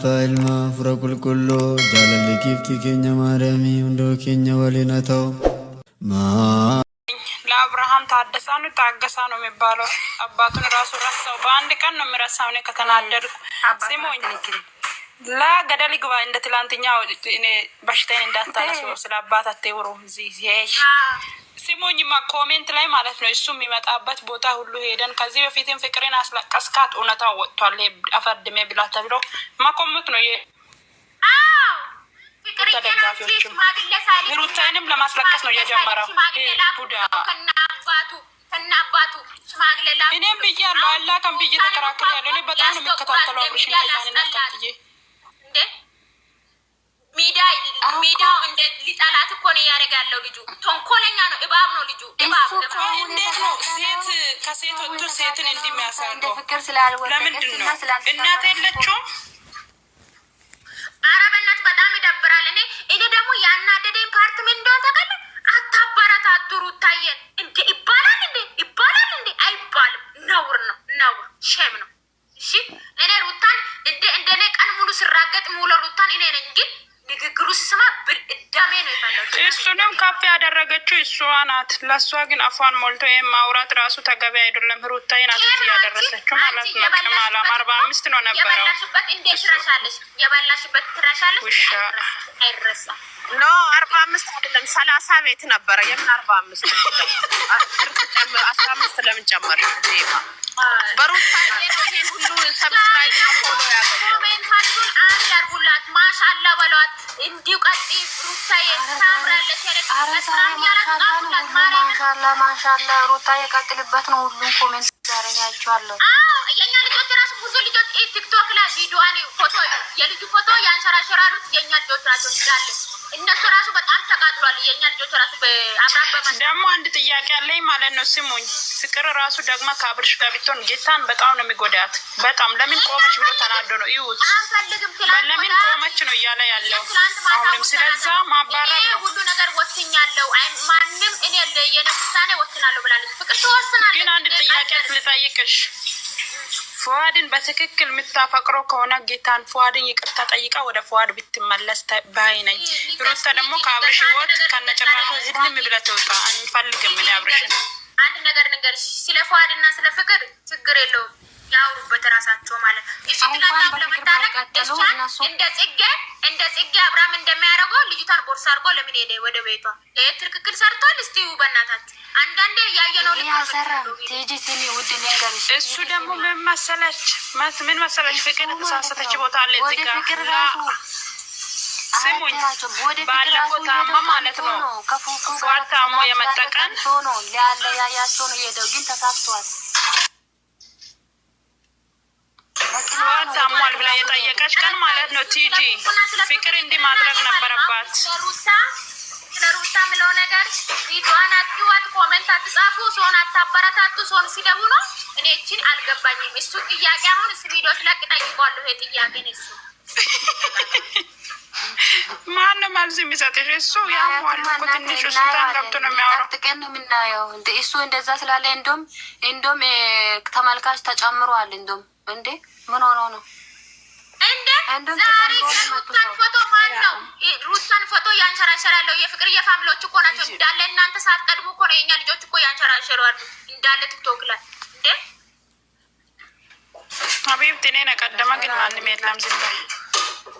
ፓይል ማፍረ ቁልቁሎ ጃለል ጊፍቲ ኬኛ ማርያሚ እንዶ ኬኛ ወሊነተው ለአብርሃም ታደሳ ነው ታገሳ ነው የሚባለው። አባቱን ራሱ ረሳው። በአንድ ቀን ነው የሚረሳው እኔ ከተናደድኩ ሲሞኝ ለገደል ግባ እንደ ትላንትኛ እኔ በሽታዬን እንዳታነሱ ስለ አባት አቴውሮ ሄሽ ስሙኝማ ኮሜንት ላይ ማለት ነው። እሱ የሚመጣበት ቦታ ሁሉ ሄደን ከዚህ በፊትም ፍቅሬን አስለቀስካት እውነታ ወጥቷል። አፈርድሜ ብላ ተብሎ መኮምት ነው ሩታንም ለማስለቀስ ነው እየጀመረው ቡዳ እናባቱ ሽማግሌላ እኔም ብያለሁ አላቀም ብዬ እኔ በጣም ነው የሚከታተለው አብርሽን ከዛንና ቀጥዬ ሚዳ ሚዲያው እንደ ሊጠላት እኮ ነው ያለው። ልጁ ተንኮለኛ ነው፣ እባብ ነው ልጁ። እባብ እንዴት ሴት ከሴት ወጥቶ ሴትን እንደሚያሳንደ ለምንድን ነው እናት የለችው? ኧረ በእናት በጣም ይደብራል። እኔ እኔ ደግሞ ያናደደኝ ፓርት ምን እንደሆነ ታውቃለህ? አታበረታቱ ሩታዬን። እንደ ይባላል እንዴ? ይባላል እንዴ? አይባልም። ነውር ነው፣ ነውር ሼም ነው። እሺ እኔ ሩታን እንደ እንደኔ ቀን ሙሉ ስራገጥ ሙሉ ሩታን እኔ ነኝ ግን ንግግሩ ስሰማ ብድዳሜ ነው የፈለጉት። እሱንም ከፍ ያደረገችው እሷ ናት። ለእሷ ግን አፏን ሞልቶ ይህም ማውራት ራሱ ተገቢ አይደለም። ሩታዬ ናት እዚህ ያደረሰችው ማለት ነው። ቅማላም አርባ አምስት ነው ነበረው። የበላሽበት የበላሽበት ትረሻለሽ። አይረሳ ኖ አርባ አምስት አይደለም ሰላሳ ቤት ነበረ። የምን አርባ አምስት አስራ አምስት ለምን ጨመር? ዜማ በሩታዬ ነው ይሄን ሁሉ በሏት። እንዲሁ ቀጤ ሩታዬ ታምራለች። ማሻአላ ማሻአላ፣ ሩታዬ ቀጥልበት ነው። ሁሉም ኮሜንት ዛሬ ያያችኋለሁ። የእኛ ልጆች ራሱ ብዙ ልጆች ቲክቶክ ላይ ቪዲዮዋን ፎቶ የልጁ ፎቶ ያንሸራሸራሉት የእኛ ልጆች ራሱ እነሱ ራሱ በጣም ተቃጥሏል። የእኛ ልጆች ራሱ በአብራት ደግሞ አንድ ጥያቄ አለኝ ማለት ነው። ስሙኝ፣ ፍቅር ራሱ ደግሞ ከአብርሽ ጋር ቢትሆን ጌታን በጣም ነው የሚጎዳት። በጣም ለምን ቆመች ብሎ ተናዶ ነው ይሁት ለምን ቆመች ነው እያለ ያለው አሁንም። ስለዛ ማባረር ነው ሁሉ ነገር ወስኛለሁ፣ ማንም እኔ የነ ውሳኔ ወስናለሁ ብላለች። ፍቅር ትወስናለች። ግን አንድ ጥያቄ ልጠይቅሽ ፍዋድን በትክክል የምታፈቅረው ከሆነ ጌታን ፍዋድን ይቅርታ ጠይቃ ወደ ፍዋድ ብትመለስ ባይ ነኝ። ሩታ ደግሞ ከአብርሽ ህይወት ከነጭራሹ ዝም ብለህ ትውጣ። አንፈልግም። ምን አብርሽ ነው አንድ ነገር ንገር፣ ስለ ፍዋድና ስለ ፍቅር ችግር የለውም ያውሩበት ራሳቸው ማለት እሱ ትላንት ለመታረቅ እሷን እንደ ጽጌ እንደ ጽጌ አብርሃም እንደሚያደርገው ልጅቷን ቦርሳ አድርጎ ለምን ሄደ ወደ ቤቷ? ይህ ትክክል ሰርቷል። እስቲ በእናታችሁ አንዳንዴ ነገር እሱ ደግሞ ምን መሰለች ምን መሰለች ፍቅር ተሳሰተች ቦታ አለ እዚህ ጋር ስሙኝ ባለፈው ታማ ማለት ነው ፏ ታሞ የመጠቀን ነው ያለ ያያቸው ነው ሄደው ግን ተሳስቷል። ቆሟል ብላ የጠየቀች ቀን ማለት ነው። ቲጂ ፍቅር እንዲህ ማድረግ ነበረባት። ለሩታ ምለው ነገር ሪድዋን አትዋት፣ ኮመንት አትጻፉ፣ ሰውን አታበረታቱ፣ ሰውን ሲደቡ ነው። እኔ እችን አልገባኝም። እሱ ጥያቄ አሁን እስ ቪዲዮ ስለቅ ጠይቋሉ። ይሄ ጥያቄን እሱ ማን መልስ የሚሰጥሽ እሱ ያሟሉ እኮ ትንሽ እሱ ተንገብቶ ነው የሚያወራው። የምናየው እሱ እንደዛ ስላለ እንዶም እንደም ተመልካች ተጨምሯል። እንዶም እንዴ ምን ሆኖ ነው ፎቶ ማን ነው? ሩታን ፎቶ ያንሸራሸራለው የፍቅርዬ ፋሚሊዎች እኮ ናቸው እንዳለ። እናንተ ሳትቀድሙ እኮ ነው የኛ ልጆች እኮ ያንሸራሸራሉ እንዳለ ቲክቶክ ላይ እንዴ። ሀቢብቲ እኔን ቀደመ ግን ማንም የለም ዝም ብለው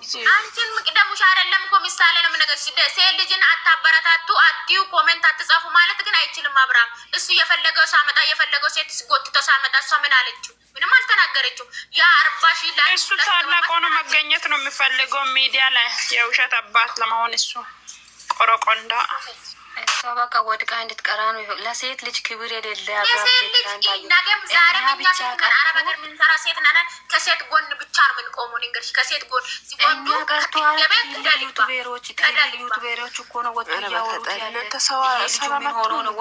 ጊዜ አንቺን ምቅደሙሽ አይደለም እኮ ምሳሌ ነው የምነገር። ሴት ልጅን አታበረታቱ፣ አትዩ፣ ኮሜንት አትጻፉ ማለት ግን አይችልም። አብርሃም እሱ እየፈለገው ሳመጣ እየፈለገው ሴት ጎትቶ ሳመጣ እሷ ምን አለችው? ምንም አልተናገረችው። ያ አርባ ሺ እሱ ታላቅ ሆኖ መገኘት ነው የሚፈልገው ሚዲያ ላይ የውሸት አባት ለመሆን እሱ ቆረቆንዳ እሷ በቃ ወድቃ እንድትቀራ ነው። ለሴት ልጅ ክብር የሌለ ነገም ዛሬም እኛ ሴት ቀን ሴት ነን። ከሴት ጎን ብቻ ነው የምንቆመው። ንገርሽ ከሴት ጎን ሲወዱ ዩቱቤሮች እኮ ነው ወጡ እያወሩት ያለ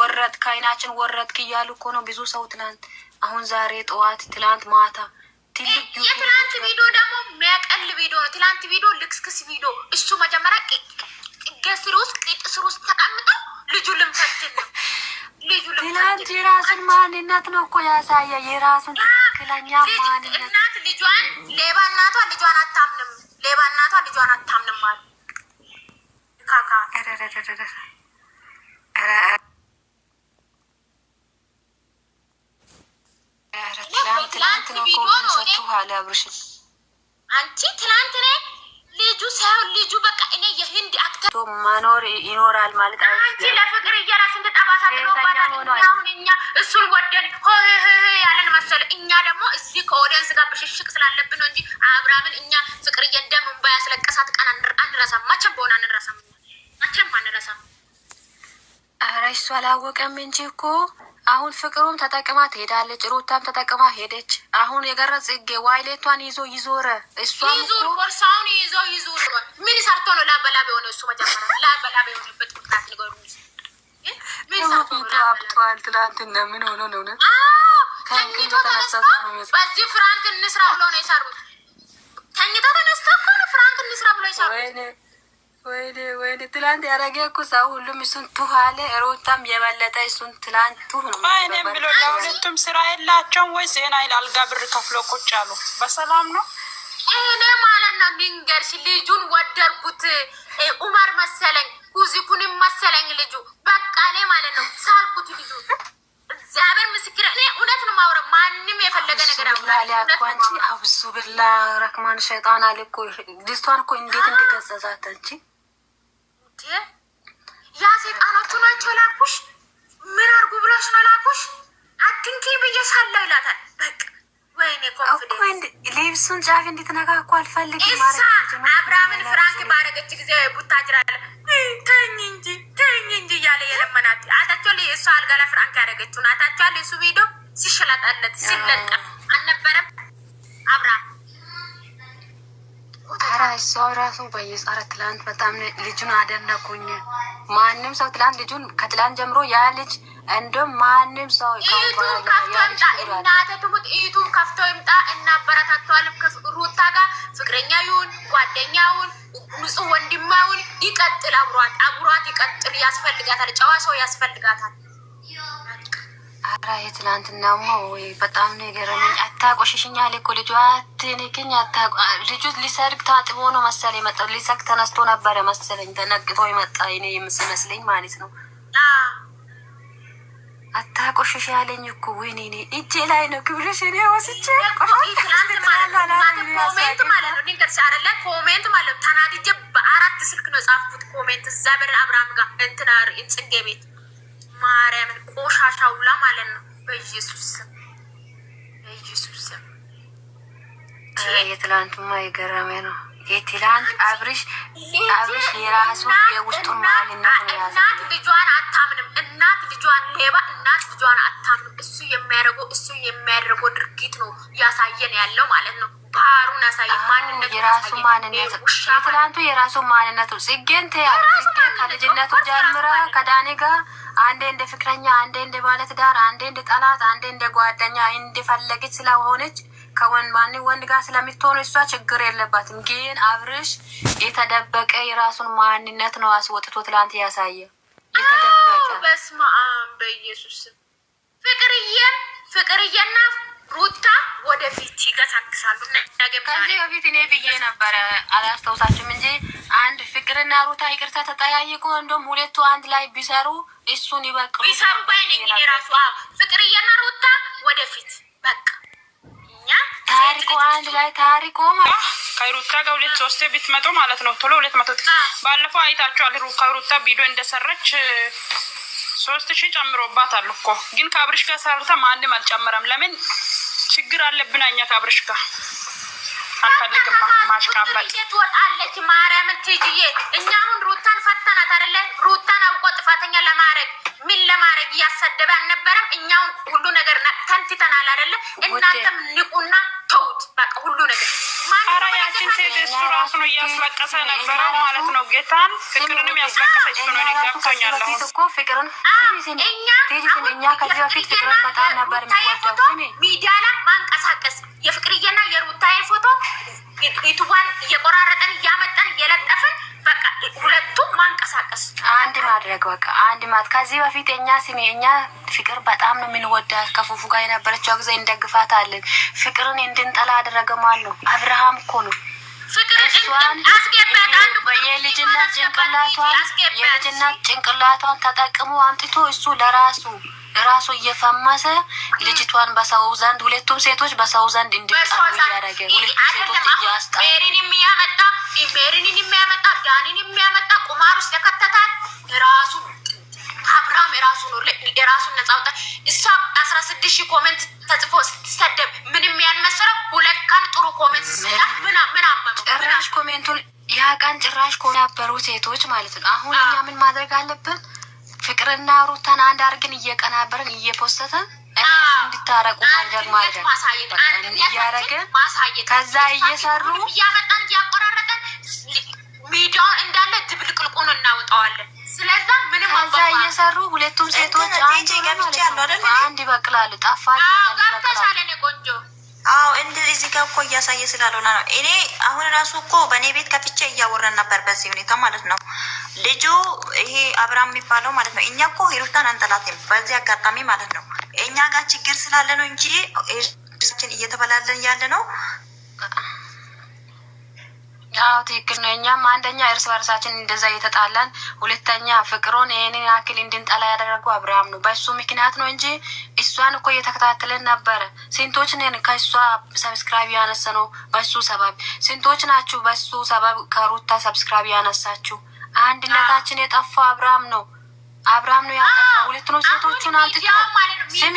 ወረድክ፣ አይናችን ወረድክ እያሉ እኮ ነው ብዙ ሰው ትናንት፣ አሁን ዛሬ፣ ጠዋት፣ ትላንት ማታ የትላንት ቪዲዮ ደግሞ የሚያቀል ቪዲዮ ነው። ትላንት ቪዲዮ ልክስክስ ቪዲዮ እሱ መጀመሪያ ከስር ውስጥ ቅጥ ስር ውስጥ ተቀምጠው ልጁ ልምፈትን ነው ልጁ ትናንት የራስን ማንነት ነው እኮ ያሳየ የራስን ትክክለኛ ማንነት። እናት ልጇን ሌባ እናቷ ልጇን አታምንም፣ ሌባ እናቷ ልጇን አታምንም አሉ ካካ ትናንት ነው እኮ ሰጥኋል አብርሽን አንቺ ትላንት ነ ልጁ ሳይሆን ልጁ በቃ እኔ የህንድ አክተር መኖር ይኖራል ማለት አንቺ ለፍቅር እየራስ እንድጠባሳ ጥሎባታልሁን እኛ እሱን ወደን ያለን መሰል እኛ ደግሞ እዚህ ከኦዲየንስ ጋር ብሽሽቅ ስላለብን ነው እንጂ አብርሃምን እኛ ፍቅር እየደም እንባ ያስለቀሳት ቀን አንረሳም። መቼም በሆነ አንረሳም። መቼም አንረሳም። ኧረ እሱ አላወቀም እንጂ እኮ አሁን ፍቅሩም ተጠቅማ ትሄዳለች፣ ሩታም ተጠቅማ ሄደች። አሁን የገረ ጽጌ ዋይሌቷን ይዞ ይዞረ እሷ ይዞር ቦርሳውን ይዞ ይዞር ምን ሰርቶ ነው ላበላብ የሆነ እሱ መጀመሪያ ላበላብ የሆነበት ምክንያት ንገሩ። ቷል ትላንትና ምን ሆኖ ነው ነው ከእንቅልፍ ተነሳ በዚህ ፍራንክ እንስራ ብሎ ነው የሰሩት። ተኝቶ ተነስቶ እኮ ፍራንክ እንስራ ብሎ የሰሩት። ወይኔ ወይኔ ትላንት ያረገ እኮ ሰው ሁሉም እሱን ቱህ አለ። ሮታም የበለጠ እሱን ትላንት ቱህ ነው። እኔም ብሎ ለሁለቱም ስራ የላቸውም ወይ ዜና ይል አልጋ ብር ከፍሎ ቁጭ አሉ። በሰላም ነው እኔ ማለት ነው። ሚንገርሽ ልጁን ወደርኩት ኡመር መሰለኝ ኩዚኩንም መሰለኝ ልጁ በቃ እኔ ማለት ነው ሳልኩት ልጁ እግዚአብሔር ምስክር እኔ እውነት ነው ማውረ ማንም የፈለገ ነገር አብዙ ብላ ረክማን ሸይጣን አለ እኮ ድስቷን እኮ እንዴት እንደገጸዛት አንቺ ያ ሴጣኖቹ ናቸው ላኩሽ፣ ምን አርጉ ብሎሽ ነው ላኩሽ፣ አትንኪ ብዬሻለሁ ይላታል። በቃ ወይኔ ኮንፊደንስ ልብሱን ጫፍ እንድትነካኩ አልፈልግም። ኢሳ አብርሃምን ፍራንክ ባረገች ጊዜ ቡታጅራ አለ ተኝ እንጂ ተኝ እንጂ እያለ የለመናት አታቸዋል። እሱ አልጋ ላይ ፍራንክ ያደረገችውን አታቸዋል። እሱ ቪዲዮ ሲሸላጣለት ሲለጠፍ አልነበረም አብርሃም ኧረ እሷ ራሱ በየስ ኧረ ትላንት በጣም ልጁን አደነኩኝ። ማንም ሰው ትላንት ልጁን ከትላንት ጀምሮ ያ ልጅ እንደም ማንም ሰው ዩቱብ ከፍቶ ይምጣ እናበረታተዋለን። ሩታ ጋር ጓደኛ ይሁን ንጹህ ወንድማ ይሁን ይቀጥል፣ አብሯት አብሯት ይቀጥል። ያስፈልጋታል፣ ጨዋ ሰው ያስፈልጋታል። አራ የትናንትናማ ወይ በጣም ነው የገረመኝ። ልኮ ልጁ አትንክኝ አታ ልጁ ሊሰርግ ታጥቦ ነው መሰለ መጣ ሊሰርግ ተነስቶ ነበረ መሰለኝ ተነቅቶ ይመጣ እኔ የምስመስለኝ ማለት ነው። አታቆሽሽ ያለኝ እኮ ወይኔ ኔ እጄ ላይ ነው ክብርሽ ኔ ወስቼ ኮሜንት ማለት ነው ተናድጄ በአራት ስልክ ነው ጻፍኩት ኮሜንት እዛ በር አብርሃም ጋር እንትናር ጽጌ ቤት ማርያምን ቆሻሻ ውላ ማለት ነው። በኢየሱስ ስም በኢየሱስ ስም የትላንቱማ የገረመ ነው። የትላንት አብርሽ አብርሽ የራሱ የውስጡን ማንነት እናት ልጇን አታምንም። እናት ልጇን ሌባ፣ እናት ልጇን አታምንም። እሱ የሚያደርገው እሱ የሚያደርገው ድርጊት ነው እያሳየን ያለው ማለት ነው። ባህሩን ያሳየ ማንነት የራሱ ማንነት የትላንቱ የራሱ ማንነት ጽጌን ከልጅነቱ ጀምራ ከዳኔ ጋር አንዴ እንደ ፍቅረኛ፣ አንዴ እንደ ባለትዳር፣ አንዴ እንደ ጠላት፣ አንዴ እንደ ጓደኛ እንደፈለገች ስለሆነች ከወን ማን ወንድ ጋር ስለምትሆኑ እሷ ችግር የለባትም። ግን አብርሽ የተደበቀ የራሱን ማንነት ነው አስወጥቶ ትላንት ያሳየ የተደበቀ በስመ አብ በኢየሱስ ፍቅርዬ ፍቅርዬና ሩታ ወደፊት ይገሳግሳሉ። ከዚህ በፊት እኔ ብዬ ነበረ አላስታውሳችሁም እንጂ አንድ ፍቅርና ሩታ ይቅርታ ተጠያይቆ እንደም ሁለቱ አንድ ላይ ቢሰሩ እሱን ይበቅሉ ቢሰሩ ባይነ ራሱ ፍቅርዬና ሩታ ወደፊት በቃ ታሪኮ አንድ ላይ ታሪኮ ከሩታ ጋር ሁለት ሶስቴ ብትመጡ ማለት ነው። ቶሎ ሁለት መቶ ባለፈው አይታችኋል። ከሩታ ቢዶ እንደሰረች ሶስት ሺህ ጨምሮባት አሉ እኮ ግን ከአብርሽ ጋር ሰርታ ማንም አልጨምረም። ለምን ችግር አለብን። አኛ ካብርሽ ጋር አልፈልግም ማሽቃበል ማርያምን ትይዬ እኛ አሁን ሩታን ፈተናት አይደለ? ሩታን አውቆ ጥፋተኛ ለማድረግ ምን ለማድረግ እያሳደበ አልነበረም። እኛውን ሁሉ ነገር ተንትተናል ትተናል አይደለ? እናንተም ንቁና በቃ ሁሉ ነገር ኧረ ያችን ሴት እሱ ራሱ ነው እያስለቀሰ ነበረ ማለት ነው። ጌታን ፍቅርንም ያስለቀሰ እሱ ነው። ገብቶኛለሁ እኮ ፍቅርን እኛ ከዚህ በፊት ፍቅርን በጣም ነበር የሚወደው። ሚዲያ ላይ ማንቀሳቀስ የፍቅርዬና የሩታዬ ፎቶ ዩቱቧን እየቆራረጠን እያመጠን እየለጠፍን በቃ ሁለቱም ማንቀሳቀስ አንድ ማድረግ በቃ አንድ ማት ከዚህ በፊት እኛ ስሜ እኛ ፍቅር በጣም ነው የምንወዳት ከፉፉ ጋር የነበረችው ጊዜ እንደግፋት አለን። ፍቅርን እንድንጠላ አደረገ ማን ነው? አብርሃም እኮ ነው። የልጅነት ጭንቅላቷን ተጠቅሞ አምጥቶ እሱ ለራሱ ራሱ እየፈመሰ ልጅቷን በሰው ዘንድ ሁለቱም ሴቶች በሰው ዘንድ እንዲጣሉ እያደረገ ሁለቱም ሴቶች እያስጣ ሜሪንን የሚያመጣ ዳኒን የሚያመጣ ቁማር ውስጥ የከተታል የራሱ አብርሃም የራሱ ነው የራሱን ነጻ ውጣ እሷ አስራ ስድስት ሺህ ኮሜንት ተጽፎ ስትሰደብ ምንም ያልመሰለው ሁለት ቀን ጥሩ ኮሜንት ስላ ምን ምን አመጡ ጭራሽ ኮሜንቱን ያ ቀን ጭራሽ ኮ ነበሩ ሴቶች ማለት ነው። አሁን እኛ ምን ማድረግ አለብን? ፍቅርና ሩታን አንድ አርግን እየቀናበርን እየፖሰተን እንድታረቁ ማድረግ ማለት ነው። እያረግን ከዛ እየሰሩ ልጃውን እንዳለ ድብልቅልቁ ነው እናወጣዋለን። ስለዛ ምንም ከዛ እየሰሩ ሁለቱም ሴቶች አንድ ይበቅላል። ጣፋ ጋብተሻለን ቆንጆ አዎ እንደ እዚህ ጋር እኮ እያሳየ ስላልሆነ ነው። እኔ አሁን ራሱ እኮ በእኔ ቤት ከፍቼ እያወረን ነበር፣ በዚህ ሁኔታ ማለት ነው። ልጁ ይሄ አብርሃም የሚባለው ማለት ነው። እኛ እኮ ሂሩታን አንጠላትም፣ በዚህ አጋጣሚ ማለት ነው። እኛ ጋር ችግር ስላለ ነው እንጂ እየተበላለን ያለ ነው። አዎ ትክክል ነው። እኛም አንደኛ እርስ በርሳችን እንደዛ እየተጣላን፣ ሁለተኛ ፍቅሩን ይህንን አክል እንድንጠላ ያደረጉ አብርሃም ነው። በእሱ ምክንያት ነው እንጂ እሷን እኮ እየተከታተልን ነበረ። ስንቶች ነን ከእሷ ሰብስክራይብ ያነሰ ነው በሱ ሰበብ። ስንቶች ናችሁ በሱ ሰበብ ከሩታ ሰብስክራይብ ያነሳችሁ? አንድነታችን የጠፋው አብርሃም ነው። አብርሃም ነው ያጠፋ። ሁለት ነው ሴቶቹን አምጥቶ ስሚ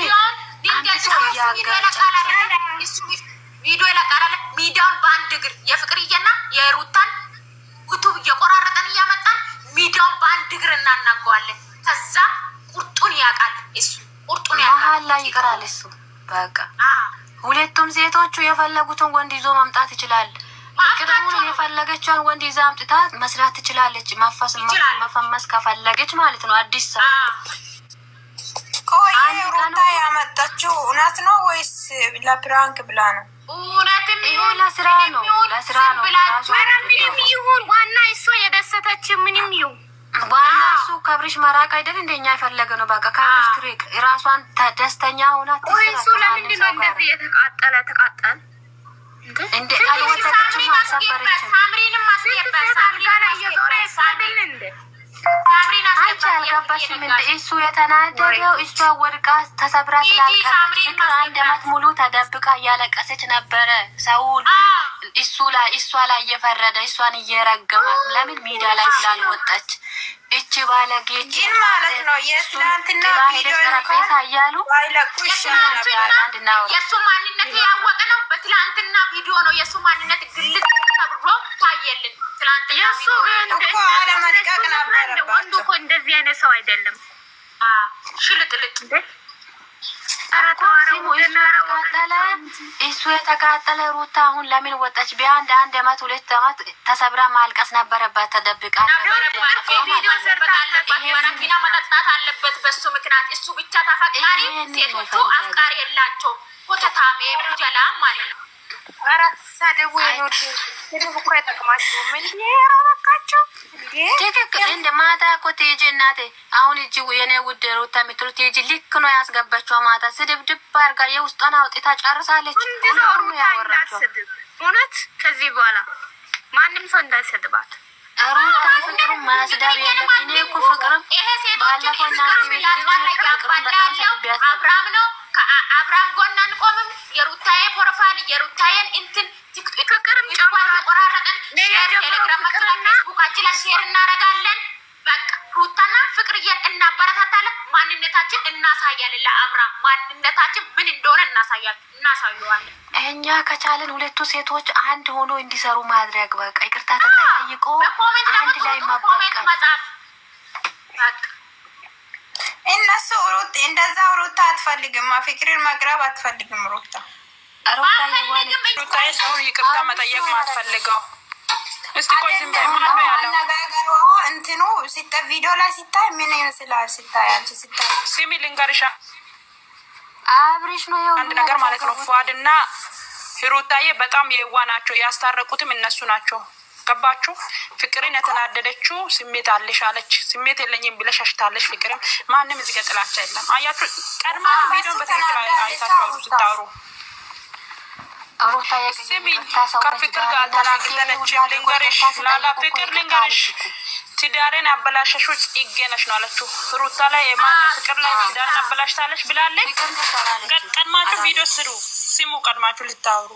አምጥቶ እያገ ቪዲዮ ይለቃል። ሚዲያውን በአንድ እግር የፍቅርዬና የሩታን ዩቱብ እየቆራረጠን እያመጣን ሚዲያውን በአንድ እግር እናናገዋለን። ከዛ ቁርጡን ያውቃል እሱ ቁርጡን ያውቃል። መሀል ላይ ይቀራል እሱ በቃ ሁለቱም ሴቶቹ የፈለጉትን ወንድ ይዞ መምጣት ይችላል። ቅደሙን የፈለገችውን ወንድ ይዛ አምጥታ መስራት ትችላለች። መፈስ መፈመስ ከፈለገች ማለት ነው። አዲስ ሰ ቆይ ሩታ ያመጣችው እውነት ነው ወይስ ለፕራንክ ብላ ነው? ለስራ ነው ለስራ ነው ምንም ይሁን ዋና እሷ የደሰተች ምንም ይሁን ዋና እሱ ከብሪሽ መራቅ አይደል እንደኛ የፈለገ ነው። በቃ ከብሪሽ ትሪቅ ራሷን ተደስተኛ ሆና እሱ ለምንድን ነው እንደዚህ የተቃጠለ ተቃጠል እንደ አልወደደችም አልሰበረችም ሳምሪንም አስገባ ሳምሪን እየዞረ ሳብል እንደ አንቺ አልገባሽም። እንደ እሱ የተናደደው እሷ ወድቃ ተሰብራ ስላልቀረች አንድ አመት ሙሉ ተደብቃ እያለቀሰች ነበረ። ሰው እሱ ላይ እሷ ላይ እየፈረደ እሷን እየረገመ ለምን ሜዳ ላይ ስላልወጣች እች ባለጌ ግን ማለት ነው የትናንትና ጠረጴዛ እያሉ የእሱ ማንነት ያወቀ ነው። በትላንትና ቪዲዮ ነው የእሱ ማንነት ግልጽ ተከብሮ ታየልን። ትናንት ወንዱ እኮ እንደዚህ አይነት ሰው አይደለም። ሽልጥልጥ እሱ የተቃጠለ ሩታ አሁን ለምን ወጣች? ቢያንድ አንድ አመት ሁለት አመት ተሰብራ ማልቀስ ነበረባት። ተደብቃ መኪና መጠጣት አለበት በሱ ምክንያት። እሱ ብቻ ተፈቃሪ፣ ሴቶቹ አፍቃሪ የላቸው። ኮተታሜ ሙጀላ ማለት ነው አራት ሳደቡ የኖድ ስድብ እኮ አይጠቅማችሁም። እንዲ ረበቃቸው ትክክል እንደ ማታ እኮ ትሄጂ እናቴ። አሁን እጅ የኔ ውድ ሩታ የምትሉ ትሄጂ ልክ ነው ያስገባቸው ማታ ስድብ ድብ አርጋ የውስጧን አውጥታ ጨርሳለች። እውነት ከዚህ በኋላ ማንም ሰው እንዳይሰድባት ሩታ ፍቅሩ ማስዳብ ያለብ እኔ እኮ ፍቅርም ባለፈው እናቴ በጣም እንትን የሩታየን እንትን ቲክቶክም ጨምሮ ቆራረጠን ፌስቡካችን ላይ ሼር እናረጋለን። በቃ ሩታና ፍቅርዬን እናበረታታለን። ማንነታችን እናሳያለን። ለአብራ ማንነታችን ምን እንደሆነ እናሳያለን እናሳየዋለን። እኛ ከቻለን ሁለቱ ሴቶች አንድ ሆኖ እንዲሰሩ ማድረግ በቃ ይቅርታ ተጠይቆ አንድ ላይ ማበቃ እነሱ ሩት እንደዛ ሩታ አትፈልግም፣ ፍቅርን መቅረብ አትፈልግም ሩታ ሰውን ይቅርታ መጠየቅ ማትፈልገው እስቲ እንትኑ ሲታይ ቪዲዮ ላይ ሲታይ ምን ይመስላል? ሲታይ አንቺ ሲታይ ስሚ ልንገርሻ፣ አብሬሽ ነው አንድ ነገር ማለት ነው። ፏድ እና ሂሩታዬ በጣም የዋ ናቸው። ያስታረቁትም እነሱ ናቸው። ገባችሁ? ፍቅርን የተናደደችው ስሜት አለሽ አለች። ስሜት የለኝም ብለሽ አሽታለሽ። ፍቅርም ማንም እዚህ ጋር ጥላቻ የለም። አያችሁ ቀድማ ቪዲዮን በትክክል አይታችሁ ስታወሩ ስሚኝ ከፍቅር ጋር ልንገርሽ፣ ላላ ፍቅር ልንገርሽ፣ ትዳሬን አበላሸሹ ጽጌ ነሽ ነው አለችው። ሩታ ላይ የማን ፍቅር ላይ አበላሽታለች ብላለች። ቀድማችሁ ቪዲዮ ስሩ፣ ስሙ፣ ቀድማችሁ ልታወሩ